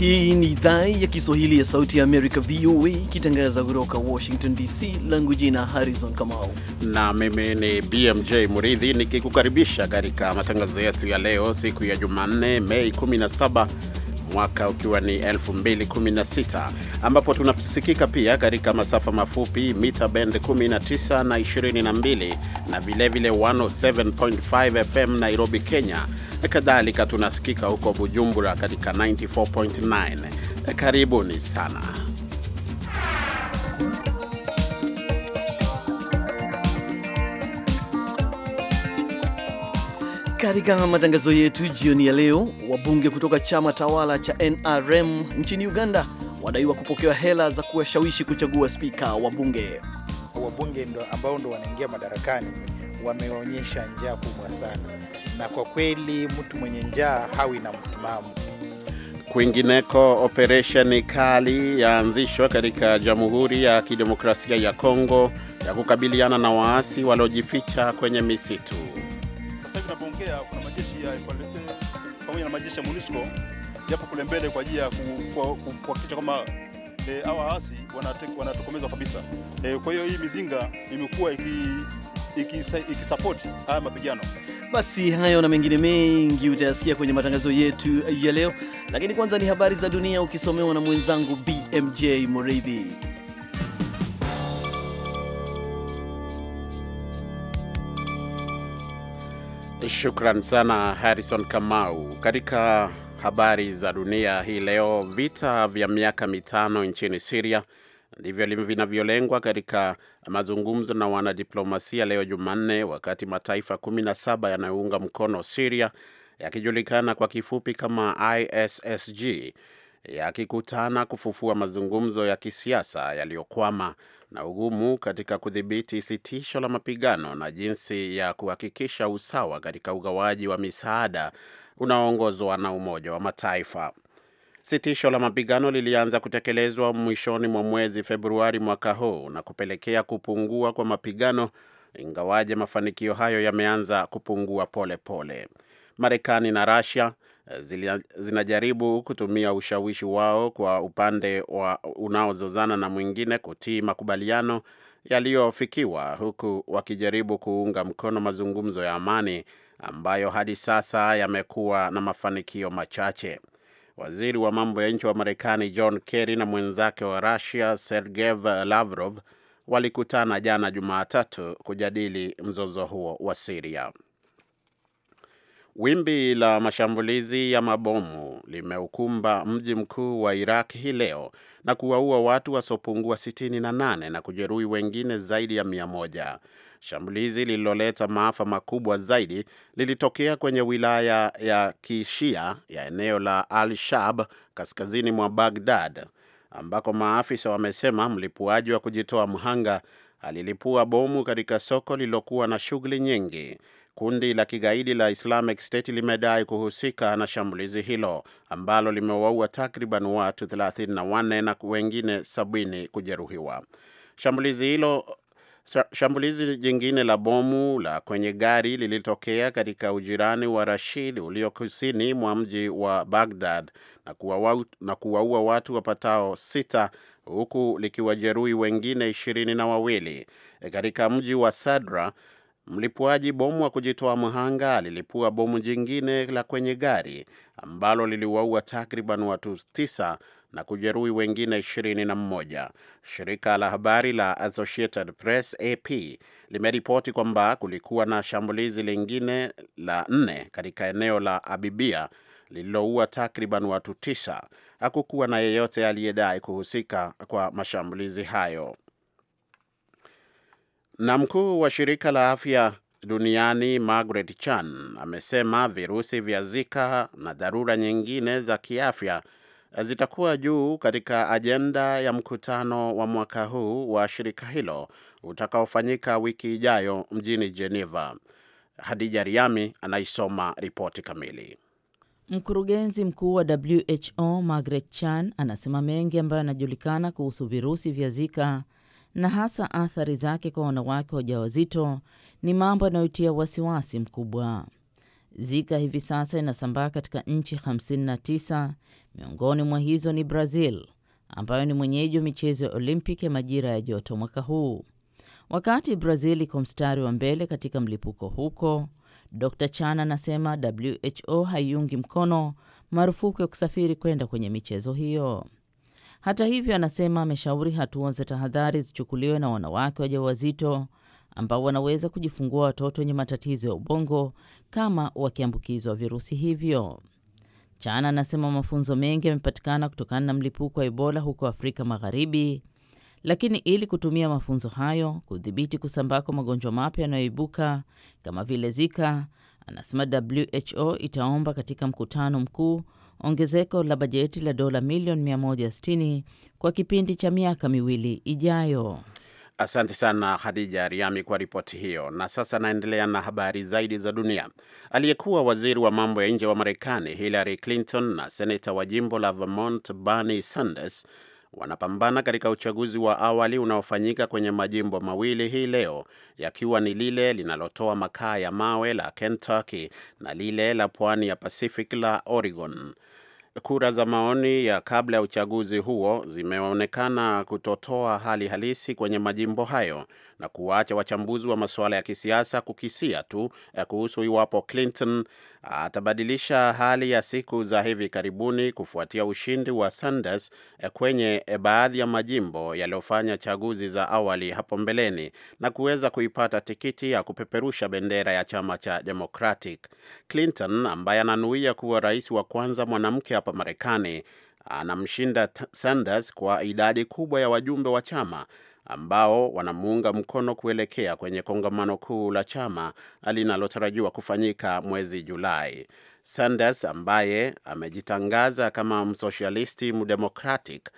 Hii ni idhaa ya Kiswahili ya Sauti ya Amerika, VOA, ikitangaza kutoka Washington DC. langu jina Harrison Kamau na mimi ni BMJ Muridhi nikikukaribisha katika matangazo yetu ya leo, siku ya Jumanne, Mei 17 mwaka ukiwa ni 2016 ambapo tunasikika pia katika masafa mafupi mita bend 19 na 22 na vilevile 107.5 FM Nairobi, Kenya. E, kadhalika tunasikika huko Bujumbura katika 94.9. E, karibuni sana. Katika matangazo yetu jioni ya leo, wabunge kutoka chama tawala cha NRM nchini Uganda wadaiwa kupokewa hela za kuwashawishi kuchagua spika wa bunge. Wabunge ndo ambao ndo wanaingia madarakani wameonyesha njaa kubwa sana, na kwa kweli mtu mwenye njaa hawi na msimamo. Kwingineko, operesheni kali yaanzishwa katika Jamhuri ya Kidemokrasia ya Kongo ya kukabiliana na waasi waliojificha kwenye misitu. Korea kuna majeshi ya FARDC pamoja na majeshi ya MONUSCO yapo kule mbele kwa ajili ya kuhakikisha kwamba e, hawa waasi wanatokomezwa kabisa. E, kwa hiyo hii mizinga imekuwa ikisapoti iki, iki haya mapigano. Basi hayo na mengine mengi utayasikia kwenye matangazo yetu ya leo, lakini kwanza ni habari za dunia ukisomewa na mwenzangu BMJ Moreithi. Shukran sana Harrison Kamau. Katika habari za dunia hii leo, vita vya miaka mitano nchini siria ndivyo vinavyolengwa katika mazungumzo na wanadiplomasia leo Jumanne, wakati mataifa 17 yanayounga mkono siria yakijulikana kwa kifupi kama ISSG yakikutana kufufua mazungumzo ya kisiasa yaliyokwama na ugumu katika kudhibiti sitisho la mapigano na jinsi ya kuhakikisha usawa katika ugawaji wa misaada unaoongozwa na Umoja wa Mataifa. Sitisho la mapigano lilianza kutekelezwa mwishoni mwa mwezi Februari mwaka huu na kupelekea kupungua kwa mapigano, ingawaje mafanikio hayo yameanza kupungua polepole Marekani na Russia zinajaribu kutumia ushawishi wao kwa upande wa unaozozana na mwingine kutii makubaliano yaliyofikiwa huku wakijaribu kuunga mkono mazungumzo ya amani ambayo hadi sasa yamekuwa na mafanikio machache. Waziri wa mambo ya nchi wa Marekani John Kerry na mwenzake wa Russia Sergey Lavrov walikutana jana Jumatatu kujadili mzozo huo wa Siria. Wimbi la mashambulizi ya mabomu limeukumba mji mkuu wa Iraq hii leo na kuwaua watu wasiopungua 68 na, na kujeruhi wengine zaidi ya 100. Shambulizi lililoleta maafa makubwa zaidi lilitokea kwenye wilaya ya Kishia ya eneo la Al-Shab kaskazini mwa bagdad ambako maafisa wamesema mlipuaji wa kujitoa mhanga alilipua bomu katika soko lililokuwa na shughuli nyingi. Kundi la kigaidi la Islamic State limedai kuhusika na shambulizi hilo ambalo limewaua takriban watu 34 na wengine sabini kujeruhiwa. Shambulizi hilo Shambulizi jingine la bomu la kwenye gari lilitokea katika ujirani wa Rashid ulio kusini mwa mji wa Baghdad na kuwaua watu wapatao sita huku likiwajeruhi wengine ishirini na wawili e, katika mji wa Sadra Mlipuaji bomu wa kujitoa mhanga alilipua bomu jingine la kwenye gari ambalo liliwaua takriban watu tisa na kujeruhi wengine ishirini na mmoja. Shirika la habari la Associated Press AP limeripoti kwamba kulikuwa na shambulizi lingine la nne katika eneo la Abibia lililoua takriban watu tisa. Hakukuwa na yeyote aliyedai kuhusika kwa mashambulizi hayo. Na mkuu wa shirika la afya duniani Margaret Chan amesema virusi vya Zika na dharura nyingine za kiafya zitakuwa juu katika ajenda ya mkutano wa mwaka huu wa shirika hilo utakaofanyika wiki ijayo mjini Geneva. Hadija Riami anaisoma ripoti kamili. Mkurugenzi mkuu wa WHO Margaret Chan anasema mengi ambayo yanajulikana kuhusu virusi vya Zika na hasa athari zake kwa wanawake wajawazito ni mambo yanayotia wasiwasi mkubwa. Zika hivi sasa inasambaa katika nchi 59. Miongoni mwa hizo ni Brazil ambayo ni mwenyeji wa michezo ya Olimpiki ya majira ya joto mwaka huu. Wakati Brazil iko mstari wa mbele katika mlipuko huko, Dr Chan anasema WHO haiungi mkono marufuku ya kusafiri kwenda kwenye michezo hiyo. Hata hivyo, anasema ameshauri hatua za tahadhari zichukuliwe na wanawake wajawazito ambao wanaweza kujifungua watoto wenye matatizo ya ubongo kama wakiambukizwa virusi hivyo. Chana anasema mafunzo mengi yamepatikana kutokana na mlipuko wa Ebola huko Afrika Magharibi, lakini ili kutumia mafunzo hayo kudhibiti kusambaa kwa magonjwa mapya yanayoibuka kama vile Zika, anasema WHO itaomba katika mkutano mkuu ongezeko la bajeti la dola milioni 160 kwa kipindi cha miaka miwili ijayo. Asante sana Khadija Riami kwa ripoti hiyo. Na sasa naendelea na habari zaidi za dunia. Aliyekuwa waziri wa mambo ya nje wa Marekani Hillary Clinton na seneta wa jimbo la Vermont Bernie Sanders wanapambana katika uchaguzi wa awali unaofanyika kwenye majimbo mawili hii leo, yakiwa ni lile linalotoa makaa ya mawe la Kentucky na lile la pwani ya Pacific la Oregon. Kura za maoni ya kabla ya uchaguzi huo zimeonekana kutotoa hali halisi kwenye majimbo hayo na kuwaacha wachambuzi wa masuala ya kisiasa kukisia tu eh, kuhusu iwapo Clinton atabadilisha hali ya siku za hivi karibuni kufuatia ushindi wa Sanders eh, kwenye eh, baadhi ya majimbo yaliyofanya chaguzi za awali hapo mbeleni na kuweza kuipata tikiti ya kupeperusha bendera ya chama cha Democratic. Clinton ambaye ananuia kuwa rais wa kwanza mwanamke hapa Marekani anamshinda Sanders kwa idadi kubwa ya wajumbe wa chama ambao wanamuunga mkono kuelekea kwenye kongamano kuu la chama linalotarajiwa kufanyika mwezi Julai. Sanders ambaye amejitangaza kama msosialisti mdemokratic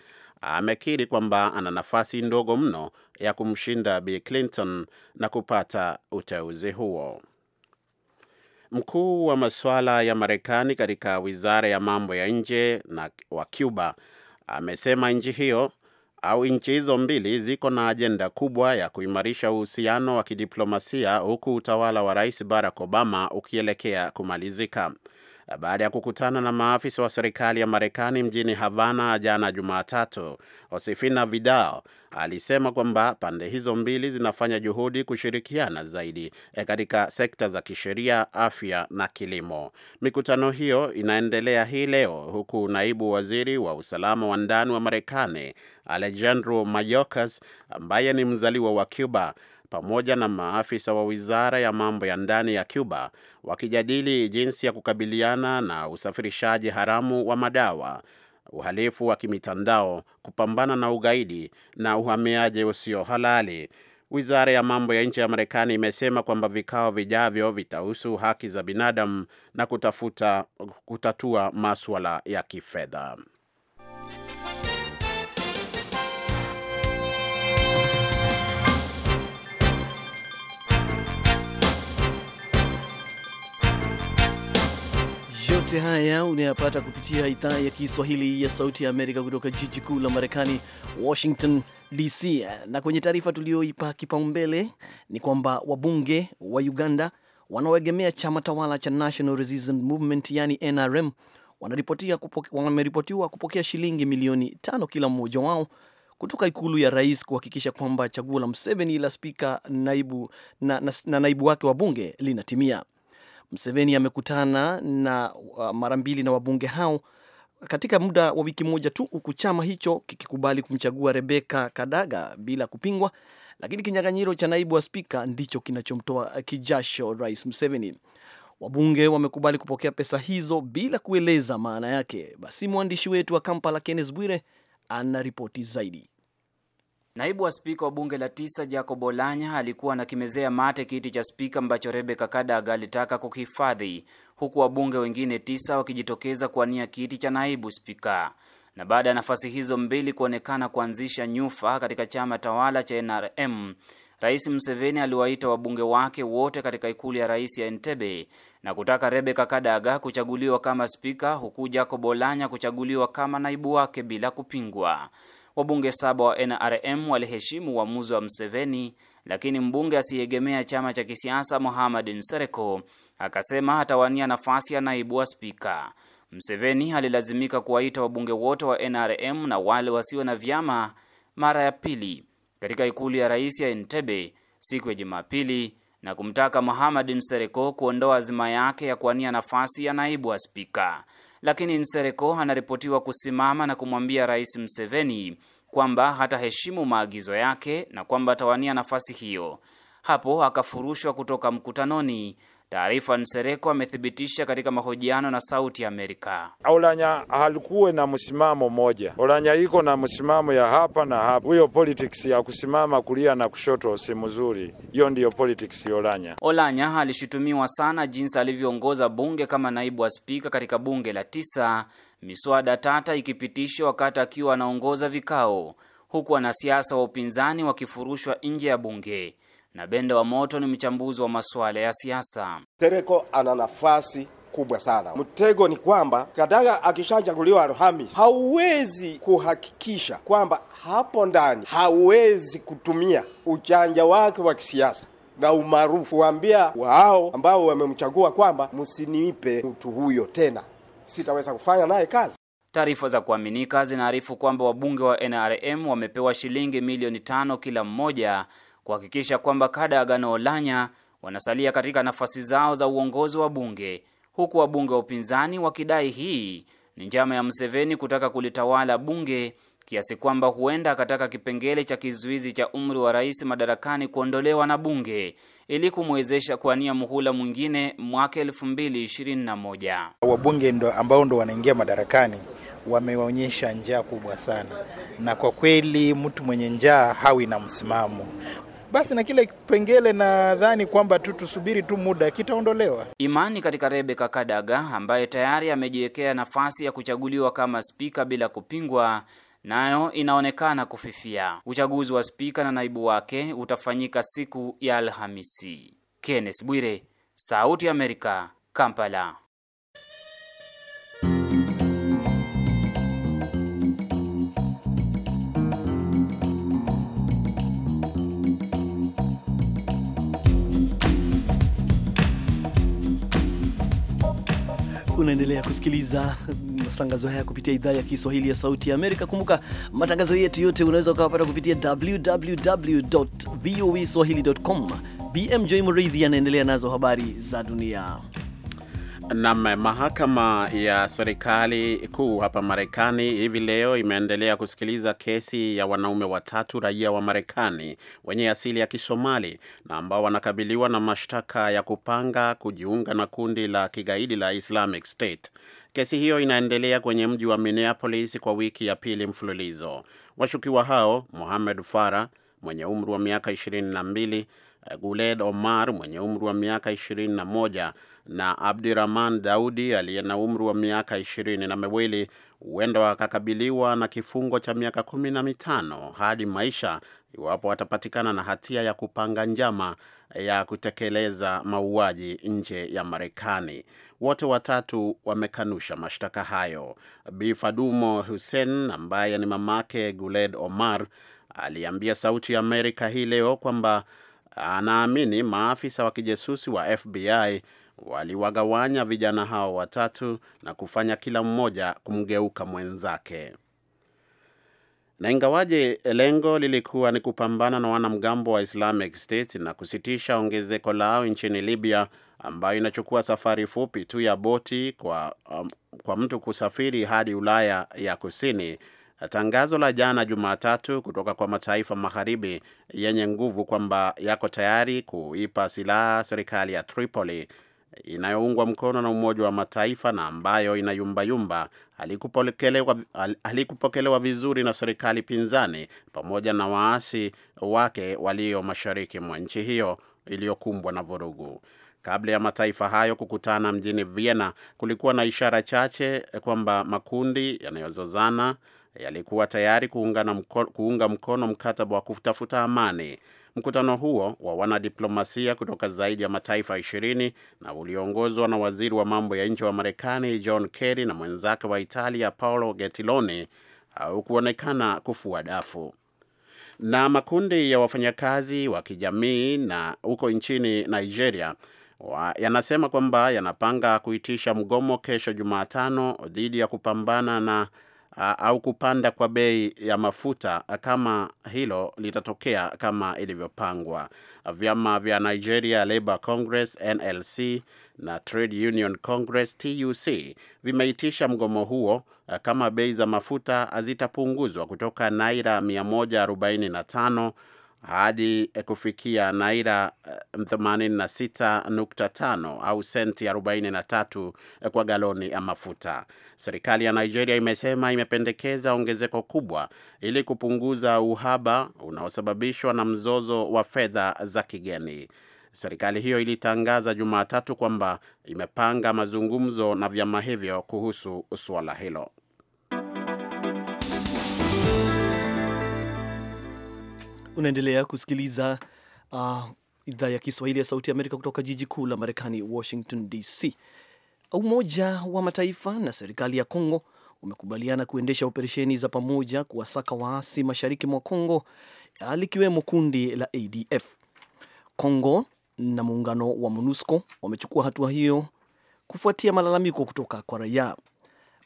amekiri kwamba ana nafasi ndogo mno ya kumshinda bill Clinton na kupata uteuzi huo. Mkuu wa masuala ya Marekani katika wizara ya mambo ya nje na wa Cuba amesema nchi hiyo au nchi hizo mbili ziko na ajenda kubwa ya kuimarisha uhusiano wa kidiplomasia huku utawala wa Rais Barack Obama ukielekea kumalizika baada ya kukutana na maafisa wa serikali ya Marekani mjini Havana jana Jumatatu. Josefina Vidal alisema kwamba pande hizo mbili zinafanya juhudi kushirikiana zaidi eh, katika sekta za kisheria, afya na kilimo. Mikutano hiyo inaendelea hii leo huku naibu waziri wa usalama wa ndani wa Marekani Alejandro Mayorkas ambaye ni mzaliwa wa Cuba pamoja na maafisa wa wizara ya mambo ya ndani ya Cuba wakijadili jinsi ya kukabiliana na usafirishaji haramu wa madawa, uhalifu wa kimitandao, kupambana na ugaidi na uhamiaji usio halali. Wizara ya mambo ya nje ya Marekani imesema kwamba vikao vijavyo vitahusu haki za binadamu na kutafuta kutatua maswala ya kifedha. Yote haya unayapata kupitia idhaa ya Kiswahili ya Sauti ya Amerika kutoka jiji kuu la Marekani, Washington DC. Na kwenye taarifa tuliyoipa kipaumbele ni kwamba wabunge wa Uganda wanaoegemea chama tawala cha National Resistance Movement, yani NRM, wameripotiwa kupokea shilingi milioni tano kila mmoja wao kutoka ikulu ya rais kuhakikisha kwamba chaguo la Mseveni la spika naibu, na, na, na naibu wake wa bunge linatimia. Mseveni amekutana na uh, mara mbili na wabunge hao katika muda wa wiki moja tu, huku chama hicho kikikubali kumchagua Rebeka Kadaga bila kupingwa, lakini kinyang'anyiro cha naibu wa spika ndicho kinachomtoa kijasho Rais Mseveni. Wabunge wamekubali kupokea pesa hizo bila kueleza maana yake. Basi mwandishi wetu wa Kampala, Kenneth Bwire, ana ripoti zaidi. Naibu wa spika wa bunge la tisa Jacob Olanya alikuwa anakimezea mate kiti cha spika ambacho Rebeka Kadaga alitaka kukihifadhi, huku wabunge wengine tisa wakijitokeza kuwania kiti cha naibu spika. Na baada ya nafasi hizo mbili kuonekana kuanzisha nyufa katika chama tawala cha NRM, Rais Museveni aliwaita wabunge wake wote katika ikulu ya rais ya Entebbe na kutaka Rebeka Kadaga kuchaguliwa kama spika, huku Jacob Olanya kuchaguliwa kama naibu wake bila kupingwa. Wabunge saba wa NRM waliheshimu uamuzi wa Mseveni, lakini mbunge asiyeegemea chama cha kisiasa Mohamed Nsereko akasema hatawania nafasi ya naibu wa spika. Mseveni alilazimika kuwaita wabunge wote wa NRM na wale wasio na vyama mara ya pili katika ikulu ya rais ya Entebbe siku ya Jumapili na kumtaka Mohamed Nsereko kuondoa azima yake ya kuwania nafasi ya naibu wa spika lakini Nsereko anaripotiwa kusimama na kumwambia Rais Mseveni kwamba hataheshimu maagizo yake na kwamba atawania nafasi hiyo. Hapo akafurushwa kutoka mkutanoni. Taarifa Nsereko amethibitisha katika mahojiano na Sauti ya Amerika. Olanya halikuwe na msimamo moja, Olanya iko na msimamo ya hapa na hapa. Huyo politics ya kusimama kulia na kushoto si mzuri, hiyo ndiyo politics ya Olanya. Olanya alishutumiwa sana jinsi alivyoongoza bunge kama naibu wa spika katika bunge la tisa, miswada tata ikipitishwa wakati akiwa anaongoza vikao, huku wanasiasa wa upinzani wakifurushwa nje ya bunge na Benda wa Moto ni mchambuzi wa masuala ya siasa. Tereko ana nafasi kubwa sana. Mtego ni kwamba Kadaga akishachaguliwa Alhamis, hauwezi kuhakikisha kwamba hapo ndani hauwezi kutumia ujanja wake wa kisiasa na umaarufu waambia wao ambao wamemchagua kwamba msiniipe mtu huyo tena, sitaweza kufanya naye kazi. Taarifa za kuaminika zinaarifu kwamba wabunge wa NRM wamepewa shilingi milioni tano kila mmoja kuhakikisha kwamba kada ya Agano Olanya wanasalia katika nafasi zao za uongozi wa bunge, huku wabunge wa upinzani wakidai hii ni njama ya Mseveni kutaka kulitawala bunge kiasi kwamba huenda akataka kipengele cha kizuizi cha umri wa rais madarakani kuondolewa na bunge ili kumwezesha kuania muhula mwingine mwaka elfu mbili ishirini na moja. Wabunge ndo ambao ndo wanaingia madarakani wamewaonyesha njaa kubwa sana, na kwa kweli mtu mwenye njaa hawi na msimamo basi na kile kipengele nadhani kwamba tu tusubiri tu muda kitaondolewa. Imani katika Rebeka Kadaga ambaye tayari amejiwekea nafasi ya kuchaguliwa kama spika bila kupingwa nayo inaonekana kufifia. Uchaguzi wa spika na naibu wake utafanyika siku ya Alhamisi. Kenneth Bwire, Sauti ya Amerika, Kampala. Unaendelea kusikiliza matangazo haya kupitia idhaa ya Kiswahili ya Sauti ya Amerika. Kumbuka matangazo yetu yote unaweza ukawapata kupitia www voa swahili.com. BMJ Muridhi anaendelea nazo habari za dunia. Na mahakama ya serikali kuu hapa Marekani hivi leo imeendelea kusikiliza kesi ya wanaume watatu raia wa Marekani wenye asili ya Kisomali na ambao wanakabiliwa na mashtaka ya kupanga kujiunga na kundi la kigaidi la Islamic State. Kesi hiyo inaendelea kwenye mji wa Minneapolis kwa wiki ya pili mfululizo. Washukiwa hao Mohamed fara mwenye umri wa miaka 22, Guled Omar mwenye umri wa miaka 21 na abdurahman Daudi aliye na umri wa miaka ishirini na miwili huenda wakakabiliwa na kifungo cha miaka kumi na mitano hadi maisha iwapo watapatikana na hatia ya kupanga njama ya kutekeleza mauaji nje ya Marekani. Wote watatu wamekanusha mashtaka hayo. Bi Fadumo Hussein ambaye ni mamake Guled Omar aliambia Sauti ya Amerika hii leo kwamba anaamini maafisa wa kijasusi wa FBI waliwagawanya vijana hao watatu na kufanya kila mmoja kumgeuka mwenzake. Na ingawaje lengo lilikuwa ni kupambana na wanamgambo wa Islamic State na kusitisha ongezeko lao nchini Libya, ambayo inachukua safari fupi tu ya boti kwa, um, kwa mtu kusafiri hadi Ulaya ya Kusini. Tangazo la jana Jumatatu kutoka kwa mataifa magharibi yenye nguvu kwamba yako tayari kuipa silaha serikali ya Tripoli inayoungwa mkono na Umoja wa Mataifa na ambayo inayumbayumba halikupokelewa halikupokelewa vizuri na serikali pinzani pamoja na waasi wake walio mashariki mwa nchi hiyo iliyokumbwa na vurugu. Kabla ya mataifa hayo kukutana mjini Vienna, kulikuwa na ishara chache kwamba makundi yanayozozana yalikuwa tayari kuunga mkono mkataba wa kutafuta amani. Mkutano huo wa wanadiplomasia kutoka zaidi ya mataifa ishirini na ulioongozwa na waziri wa mambo ya nje wa Marekani John Kerry na mwenzake wa Italia Paolo Gentiloni haukuonekana kufua dafu na makundi ya wafanyakazi wa kijamii na huko nchini Nigeria wa, yanasema kwamba yanapanga kuitisha mgomo kesho Jumatano dhidi ya kupambana na au kupanda kwa bei ya mafuta kama hilo litatokea kama ilivyopangwa. Vyama vya Nigeria Labour Congress NLC na Trade Union Congress TUC vimeitisha mgomo huo kama bei za mafuta hazitapunguzwa kutoka naira 145 hadi eh, kufikia naira 86.5 eh, au senti 43 eh, kwa galoni ya mafuta. Serikali ya Nigeria imesema imependekeza ongezeko kubwa ili kupunguza uhaba unaosababishwa na mzozo wa fedha za kigeni. Serikali hiyo ilitangaza Jumatatu kwamba imepanga mazungumzo na vyama hivyo kuhusu suala hilo. Unaendelea kusikiliza uh, idhaa ya Kiswahili ya Sauti ya Amerika kutoka jiji kuu la Marekani, Washington DC. Umoja wa Mataifa na serikali ya Kongo umekubaliana kuendesha operesheni za pamoja kuwasaka waasi mashariki mwa Kongo, ah, likiwemo kundi la ADF. Kongo na muungano wa MONUSCO wamechukua hatua hiyo kufuatia malalamiko kutoka kwa raia.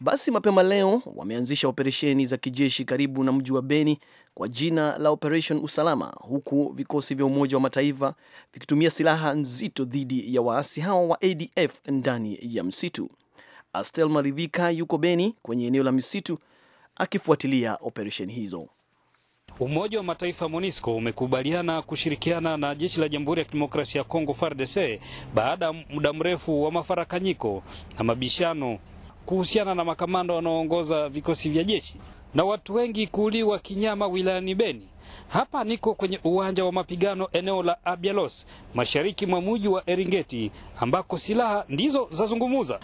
Basi mapema leo wameanzisha operesheni za kijeshi karibu na mji wa Beni kwa jina la Operation Usalama, huku vikosi vya Umoja wa Mataifa vikitumia silaha nzito dhidi ya waasi hao wa ADF ndani ya msitu. Astel Marivika yuko Beni kwenye eneo la misitu akifuatilia operesheni hizo. Umoja wa Mataifa MONUSCO umekubaliana kushirikiana na jeshi la Jamhuri ya Kidemokrasia ya Kongo FARDC baada ya muda mrefu wa mafarakanyiko na mabishano kuhusiana na makamanda wanaoongoza vikosi vya jeshi na watu wengi kuuliwa kinyama wilayani Beni. Hapa niko kwenye uwanja wa mapigano eneo la Abialos, mashariki mwa mji wa Eringeti, ambako silaha ndizo zazungumuza.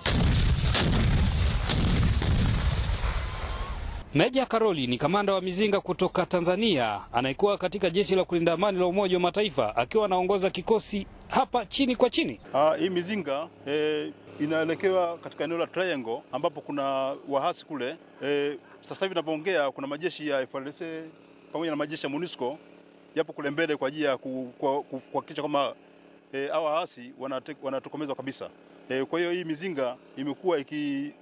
Meja Karoli ni kamanda wa mizinga kutoka Tanzania anayekuwa katika jeshi la kulinda amani la Umoja wa Mataifa akiwa anaongoza kikosi hapa chini kwa chini. Ah, hii mizinga eh, inaelekewa katika eneo la Triangle ambapo kuna wahasi kule. E, sasa hivi ninavyoongea kuna majeshi ya FARDC pamoja na majeshi ya MONUSCO yapo kule mbele kwa ajili ya kuhakikisha kwamba e, au wahasi wanatokomezwa kabisa. E, kwa hiyo hii mizinga imekuwa iki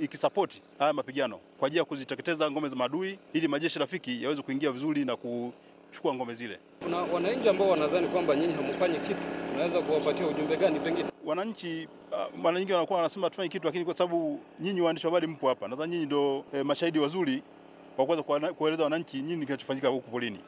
ikisapoti iki haya mapigano kwa ajili ya kuziteketeza ngome za maadui ili majeshi rafiki yaweze kuingia vizuri na kuchukua ngome zile. Kuna wananchi ambao wanadhani kwamba nyinyi hamfanyi kitu, unaweza kuwapatia ujumbe gani pengine? Wananchi uh, mara nyingi wanakuwa wanasema tufanye kitu, lakini kwa sababu nyinyi waandishi wa habari mpo hapa, nadhani nyinyi ndio eh, mashahidi wazuri kwa kuweza kueleza wananchi nini kinachofanyika huku polini.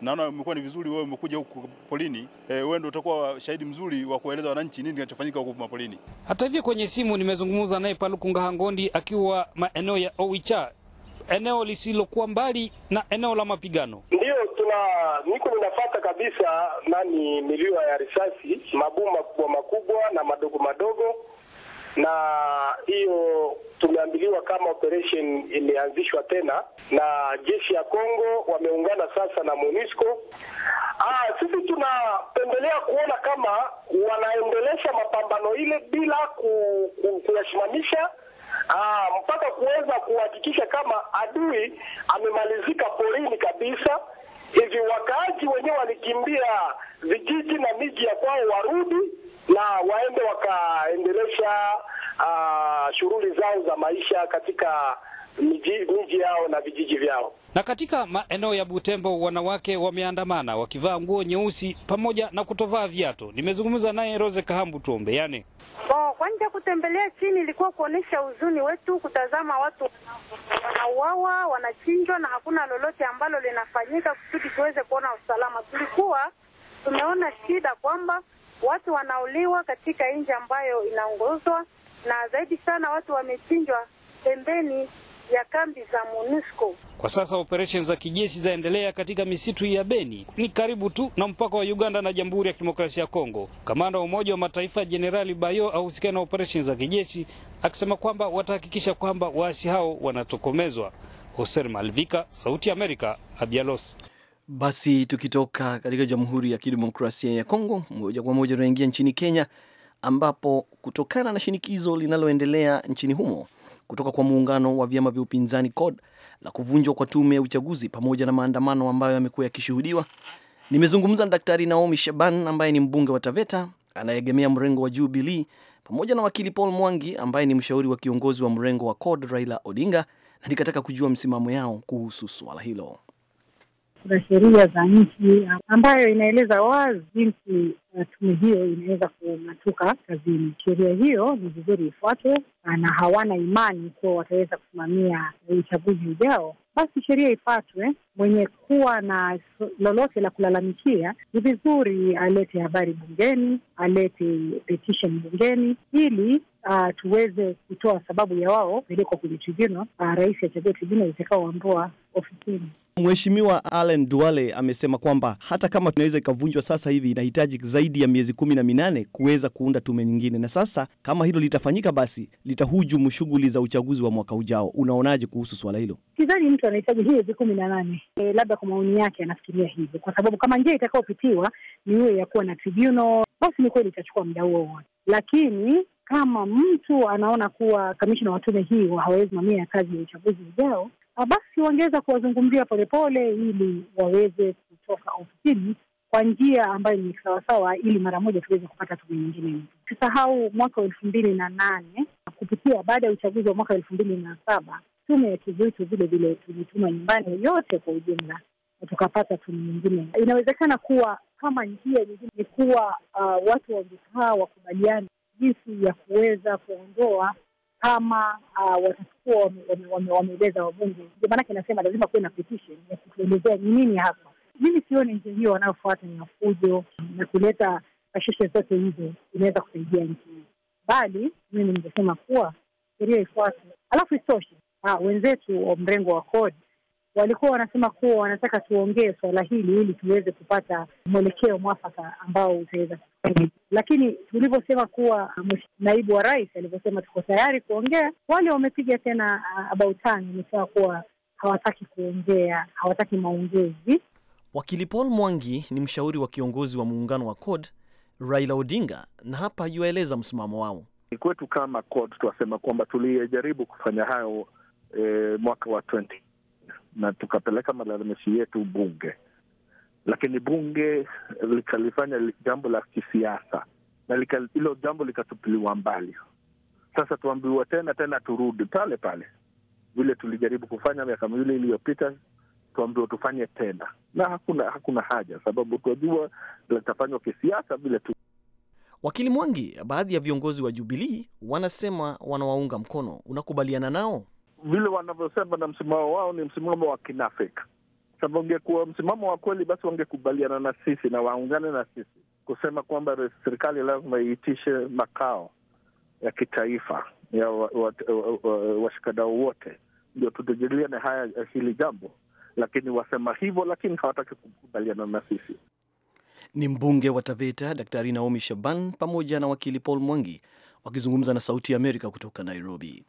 Naona umekuwa ni vizuri wewe umekuja huku polini, eh, wewe ndio utakuwa shahidi mzuri wa kueleza wananchi nini kinachofanyika huku polini. Hata hivyo, kwenye simu nimezungumza naye Paluku Ngahangondi akiwa maeneo ya Owicha, eneo lisilokuwa mbali na eneo la mapigano kuna niko ninafata kabisa nani milio ya risasi, mabomu makubwa makubwa na madogo madogo, na hiyo tumeambiliwa kama operation imeanzishwa tena na jeshi ya Kongo, wameungana sasa na MONUSCO. Ah, sisi tunapendelea kuona kama wanaendelesha mapambano ile bila ku, ku, kuyasimamisha Ah, mpaka kuweza kuhakikisha kama adui amemalizika porini kabisa hivi wakaaji wenyewe walikimbia vijiji na miji ya kwao warudi na waende wakaendelesha uh, shughuli zao za maisha katika miji, yao na vijiji vyao. Na katika maeneo ya Butembo wanawake wameandamana wakivaa nguo nyeusi pamoja na kutovaa viatu. Nimezungumza naye Rose Kahambu Tuombe, yani oh, kwanza kutembelea chini ilikuwa kuonesha huzuni wetu, kutazama watu wanauawa, wanachinjwa na hakuna lolote ambalo linafanyika kusudi tuweze kuona usalama. Tulikuwa tumeona shida kwamba watu wanauliwa katika nchi ambayo inaongozwa na zaidi sana watu wamechinjwa pembeni ya kambi za MONUSCO. Kwa sasa operesheni za kijeshi zaendelea katika misitu ya Beni, ni karibu tu na mpaka wa Uganda na Jamhuri ya Kidemokrasia ya Kongo. Kamanda wa Umoja wa Mataifa Jenerali Bayo ahusikana na operesheni za kijeshi akisema kwamba watahakikisha kwamba waasi hao wanatokomezwa. Hoser Malvika, Sauti ya Amerika, Abialos. Basi tukitoka katika Jamhuri ya Kidemokrasia ya Kongo, moja kwa moja tunaingia nchini Kenya ambapo kutokana na shinikizo linaloendelea nchini humo kutoka kwa muungano wa vyama vya upinzani CORD la kuvunjwa kwa tume ya uchaguzi pamoja na maandamano ambayo yamekuwa yakishuhudiwa. Nimezungumza na Daktari Naomi Shaban ambaye ni mbunge wa Taveta anayeegemea mrengo wa Jubilee pamoja na wakili Paul Mwangi ambaye ni mshauri wa kiongozi wa mrengo wa CORD Raila Odinga, na nikataka kujua msimamo yao kuhusu swala hilo kuna sheria za nchi ambayo inaeleza wazi jinsi uh, tume hiyo inaweza kung'atuka kazini. Sheria hiyo ni vizuri ifuatwe, uh, na hawana imani kuwa wataweza kusimamia uchaguzi ujao, basi sheria ifuatwe. Mwenye kuwa na lolote la kulalamikia, ni vizuri alete habari bungeni, alete petition bungeni, ili uh, tuweze kutoa sababu ya wao pelekwa kwenye tribunal. Uh, rais achague tribunal itakaoamboa ofisini. Mheshimiwa Allen Duale amesema kwamba hata kama tunaweza ikavunjwa sasa hivi, inahitaji zaidi ya miezi kumi na minane kuweza kuunda tume nyingine, na sasa kama hilo litafanyika, basi litahujumu shughuli za uchaguzi wa mwaka ujao. Unaonaje kuhusu swala hilo? Sidhani mtu anahitaji hii miezi kumi na nane. E, labda kwa maoni yake anafikiria hivyo, kwa sababu kama njia itakayopitiwa ni hiyo ya kuwa na tribunal, basi ni kweli itachukua muda huo wote, lakini kama mtu anaona kuwa kamishina wa tume hii hawawezi mamia ya kazi ya uchaguzi ujao, Ah, basi wangeweza kuwazungumzia polepole ili waweze kutoka ofisini kwa njia ambayo ni sawasawa, ili mara moja tuweze kupata tume nyingine. sisahau mwaka wa elfu mbili na nane kupitia baada ya uchaguzi wa mwaka elfu mbili na saba tume ya kizuitu vile vile tulituma nyumbani yote kwa ujumla na tukapata tume nyingine. Inawezekana kuwa kama njia nyingine ni kuwa uh, watu wangekaa wakubaliana jinsi ya kuweza kuondoa kama uh, watakuwa wameeleza wame, wame wabunge. Ndio maanake nasema lazima kuwe na petition ya kutuelezea ni nini hasa. Mimi sioni njia hiyo wanayofuata ni mafujo na kuleta kashishe zote hizo inaweza kusaidia nchi, bali mimi ningesema kuwa sheria ifuate. Alafu isitoshe ah, wenzetu wa mrengo wa CORD walikuwa wanasema kuwa wanataka tuongee swala hili ili tuweze kupata mwelekeo mwafaka ambao utaweza lakini tulivyosema kuwa naibu wa rais alivyosema tuko tayari kuongea, wale wamepiga tena uh, abautani, wamesema kuwa hawataki kuongea, hawataki maongezi. Wakili Paul Mwangi ni mshauri wa kiongozi wa muungano wa CORD Raila Odinga, na hapa yuaeleza msimamo wao. Kwetu kama CORD twasema kwamba tulijaribu kufanya hayo e, mwaka wa 20 na tukapeleka malalamishi yetu bunge lakini bunge likalifanya jambo la kisiasa na hilo jambo likatupiliwa mbali. Sasa tuambiwa tena tena turudi pale pale vile tulijaribu kufanya miaka miwili iliyopita, tuambiwa tufanye tena, na hakuna hakuna haja, sababu tunajua litafanywa kisiasa vile tu. Wakili Mwangi, baadhi ya viongozi wa Jubilii wanasema wanawaunga mkono, unakubaliana nao? Vile wanavyosema na msimamo wao ni msimamo wa kinafiki sababu ungekuwa msimamo wa kweli, basi wangekubaliana na sisi na waungane na sisi kusema kwamba serikali lazima iitishe makao ya kitaifa ya washikadau wote, ndio tutajadiliane haya hili jambo, lakini wasema hivyo, lakini hawataki kukubaliana na sisi. Ni mbunge wa Taveta Daktari Naomi Shaban pamoja na wakili Paul Mwangi wakizungumza na Sauti ya Amerika kutoka Nairobi.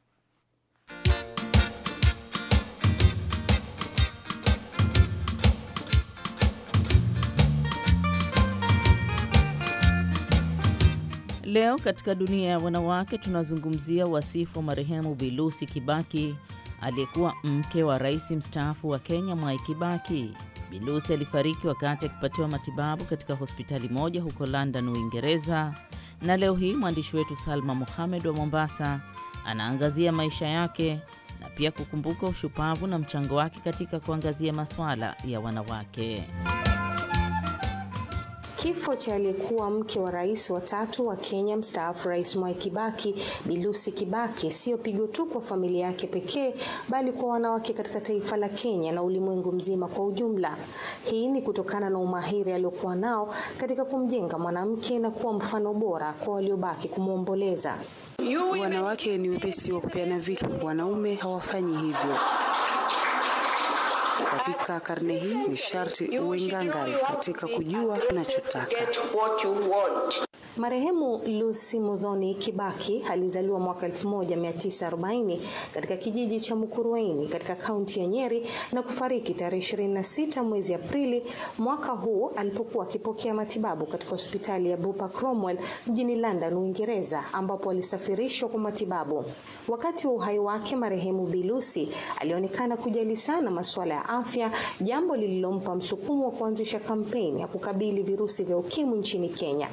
Leo katika dunia ya wanawake tunazungumzia wasifu wa marehemu Bilusi Kibaki aliyekuwa mke wa rais mstaafu wa Kenya Mwai Kibaki. Bilusi alifariki wakati akipatiwa matibabu katika hospitali moja huko London, Uingereza, na leo hii mwandishi wetu Salma muhamed wa Mombasa anaangazia maisha yake na pia kukumbuka ushupavu na mchango wake katika kuangazia masuala ya wanawake. Kifo cha aliyekuwa mke wa rais wa tatu wa Kenya mstaafu Rais Mwai Kibaki, Bilusi Kibaki, sio pigo tu kwa familia yake pekee, bali kwa wanawake katika taifa la Kenya na ulimwengu mzima kwa ujumla. Hii ni kutokana na umahiri aliokuwa nao katika kumjenga mwanamke na kuwa mfano bora kwa waliobaki kumwomboleza. Wanawake ni wepesi wa kupeana vitu, wanaume hawafanyi hivyo. Katika karne hii ni sharti uwe ngangari katika kujua unachotaka. Marehemu Lucy Mudhoni Kibaki alizaliwa mwaka 1940 katika kijiji cha Mukurweini katika kaunti ya Nyeri na kufariki tarehe 26 mwezi Aprili mwaka huu alipokuwa akipokea matibabu katika hospitali ya Bupa Cromwell mjini London, Uingereza ambapo alisafirishwa kwa matibabu. Wakati wa uhai wake marehemu Bilusi alionekana kujali sana masuala ya afya, jambo lililompa msukumo wa kuanzisha kampeni ya kukabili virusi vya ukimwi nchini Kenya.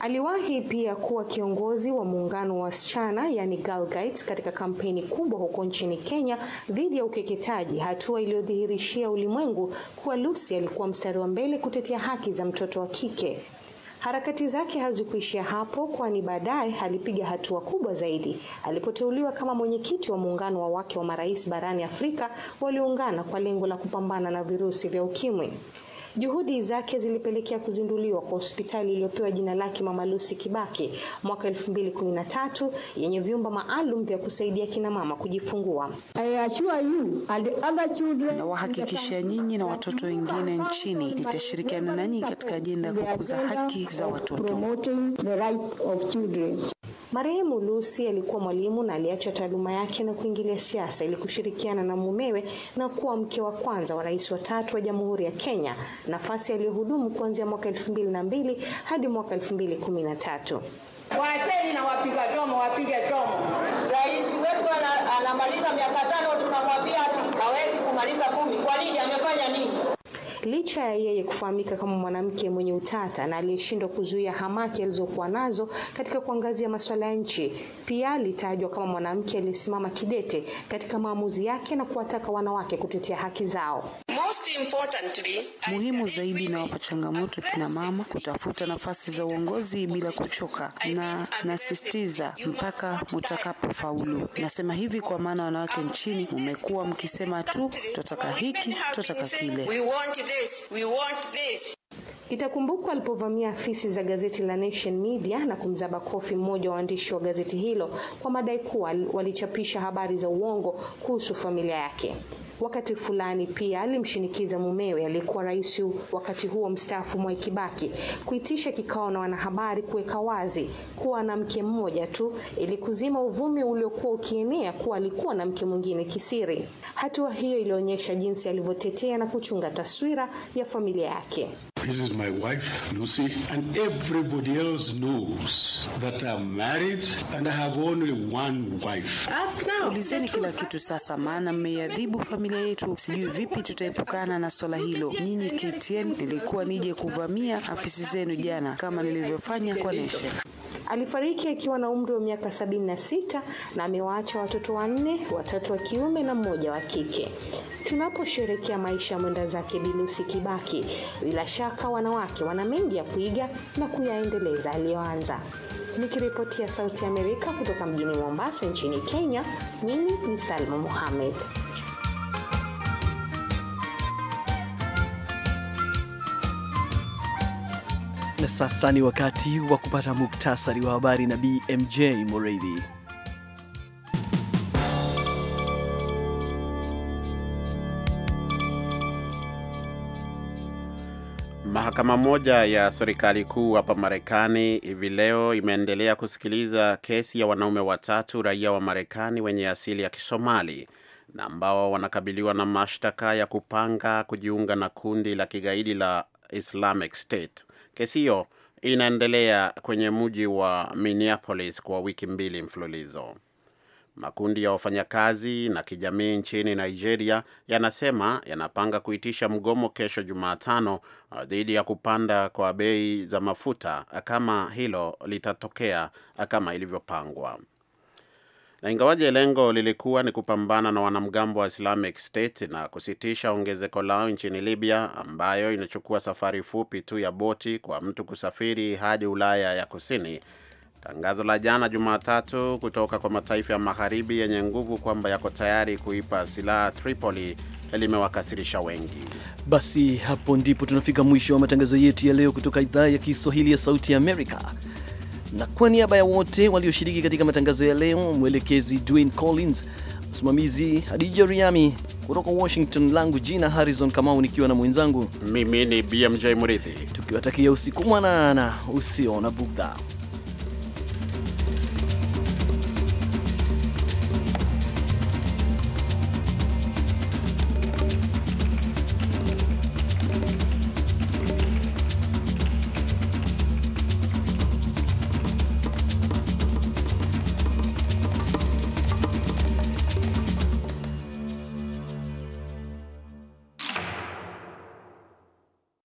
Aliwahi pia kuwa kiongozi wa muungano wa wasichana yani Girl Guides katika kampeni kubwa huko nchini Kenya dhidi ya ukeketaji, hatua iliyodhihirishia ulimwengu kuwa Lucy alikuwa mstari wa mbele kutetea haki za mtoto wa kike. Harakati zake hazikuishia hapo, kwani baadaye alipiga hatua kubwa zaidi alipoteuliwa kama mwenyekiti wa muungano wa wake wa marais barani Afrika walioungana kwa lengo la kupambana na virusi vya ukimwi. Juhudi zake zilipelekea kuzinduliwa kwa hospitali iliyopewa jina lake Mama Lucy Kibaki mwaka 2013 yenye vyumba maalum vya kusaidia kina mama kujifungua. Nawahakikishia nyinyi na watoto wengine nchini nitashirikiana nanyi katika ajenda ya kukuza haki za watoto. Marehemu Lucy alikuwa mwalimu na aliacha taaluma yake na kuingilia siasa ili kushirikiana na mumewe na kuwa mke wa kwanza wa rais wa tatu wa Jamhuri ya Kenya, nafasi aliyohudumu kuanzia mwaka elfu mbili na mbili hadi mwaka elfu mbili kumi na tatu. Waacheni na wapiga domo, wapige domo. Rais wetu anamaliza miaka tano, tunamwambia ati hawezi kumaliza kumi. Kwa nini? Amefanya nini? Licha ya yeye kufahamika kama mwanamke mwenye utata na aliyeshindwa kuzuia hamaki alizokuwa nazo katika kuangazia masuala ya nchi, pia alitajwa kama mwanamke aliyesimama kidete katika maamuzi yake na kuwataka wanawake kutetea haki zao. Muhimu zaidi, inawapa changamoto kina mama kutafuta nafasi za uongozi bila kuchoka, na nasisitiza mpaka mutakapofaulu. Nasema hivi kwa maana wanawake nchini mmekuwa mkisema tu, tutaka hiki, tutaka kile. Itakumbukwa alipovamia afisi za gazeti la Nation Media na kumzaba kofi mmoja wa waandishi wa gazeti hilo kwa madai kuwa walichapisha habari za uongo kuhusu familia yake. Wakati fulani pia alimshinikiza mumewe aliyekuwa rais wakati huo mstaafu Mwai Kibaki kuitisha kikao na wanahabari kuweka wazi kuwa na mke mmoja tu ili kuzima uvumi uliokuwa ukienea kuwa alikuwa na mke mwingine kisiri. Hatua hiyo ilionyesha jinsi alivyotetea na kuchunga taswira ya familia yake. This is my wife, Lucy, and everybody else knows that I'm married and I have only one wife. Ask now. Ulizeni kila kitu sasa, maana mmeiadhibu familia yetu, sijui vipi tutaepukana na swala hilo. Nyinyi KTN, nilikuwa nije kuvamia afisi zenu jana kama nilivyofanya kwa Neshe. Alifariki akiwa na umri wa miaka 76 na amewaacha watoto wanne, watatu wa kiume na mmoja wa kike. Tunaposherekea maisha mwenda zake Bilusi Kibaki, bila shaka wanawake wana mengi ya kuiga na kuyaendeleza aliyoanza. Nikiripotia Sauti ya Amerika kutoka mjini Mombasa nchini Kenya, mimi ni Salma Mohamed. Na sasa ni wakati wa kupata muktasari wa habari na BMJ Mureithi. Mahakama moja ya serikali kuu hapa Marekani hivi leo imeendelea kusikiliza kesi ya wanaume watatu raia wa Marekani wenye asili ya Kisomali na ambao wanakabiliwa na mashtaka ya kupanga kujiunga na kundi la kigaidi la Islamic State. Kesi hiyo inaendelea kwenye mji wa Minneapolis kwa wiki mbili mfululizo. Makundi ya wafanyakazi na kijamii nchini Nigeria yanasema yanapanga kuitisha mgomo kesho Jumatano uh, dhidi ya kupanda kwa bei za mafuta kama hilo litatokea uh, kama ilivyopangwa na ingawaje lengo lilikuwa ni kupambana na wanamgambo wa Islamic State na kusitisha ongezeko lao nchini Libya, ambayo inachukua safari fupi tu ya boti kwa mtu kusafiri hadi Ulaya ya Kusini. Tangazo la jana Jumatatu kutoka kwa mataifa ya magharibi yenye nguvu kwamba yako tayari kuipa silaha Tripoli limewakasirisha wengi. Basi hapo ndipo tunafika mwisho wa matangazo yetu ya leo kutoka idhaa ya Kiswahili ya Sauti ya Amerika. Na kwa niaba ya wote walioshiriki katika matangazo ya leo, mwelekezi Dwayne Collins, msimamizi Hadija Riami kutoka Washington, langu jina Harrison Kamau, nikiwa na mwenzangu mimi ni BMJ Murithi, tukiwatakia usiku mwanana usio na bugdha.